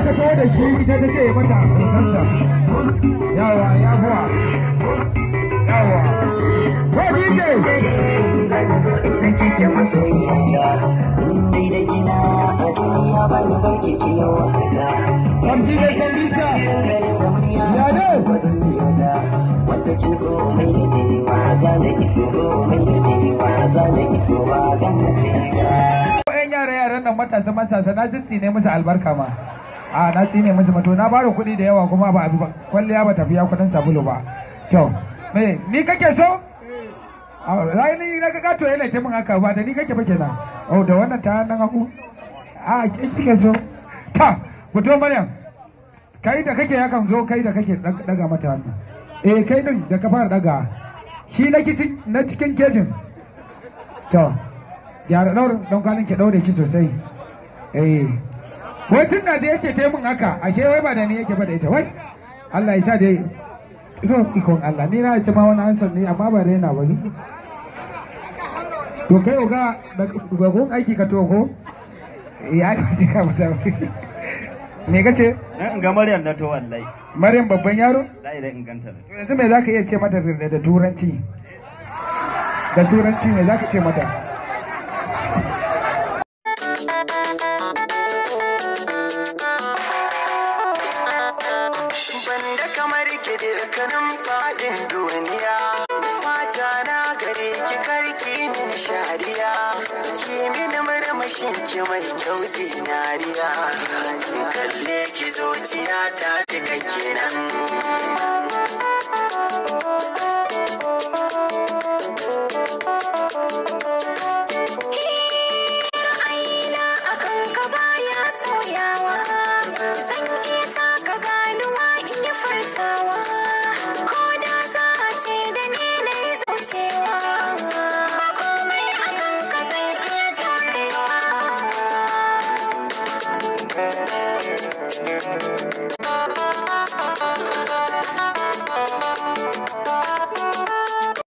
da ta da shi ita ta ce mata kusanta yawa ya buwa yawa ko dike kike masoyiyata da a ba ni da kamisa ya ne wanda ba yaran nan matasa matasa na jinsi ne musu albarka ma a na tsine musu mato na bada kuɗi da yawa kuma ba a ba kwalliya ba tafiya kuɗin sabulu ba to me ni kake so a ni na ga to yana ta haka ba da ni kake ba kenan oh da wannan ta nan haku a kike so ta fito maryam kai da kake ya kan zo kai da kake daga mata wannan eh kai din da ka fara daga shi na cikin kejin to gyara daurin don kalin ki daure ki sosai eh wai tun da yake ta mun haka ashe wai ba da ni yake ba da ita wai Allah ya sa dai to ikon Allah ni na ci ma wani ansa ne amma ba raina ba ni to kai ga ga gon aiki ka to ko ya ji ka ba me kace ga Maryam da to wallahi Maryam babban yaro lai da inganta to yanzu me zaka iya ce mata da turanci da turanci me zaka ce mata banda kamar ki dukkanin fadin duniya fata na gare ki karki min shariya ki min murmushin ki mai kyau zinariya kalle ki zuciya ta cikakke nan Aina akan ka baya soyawa, san ta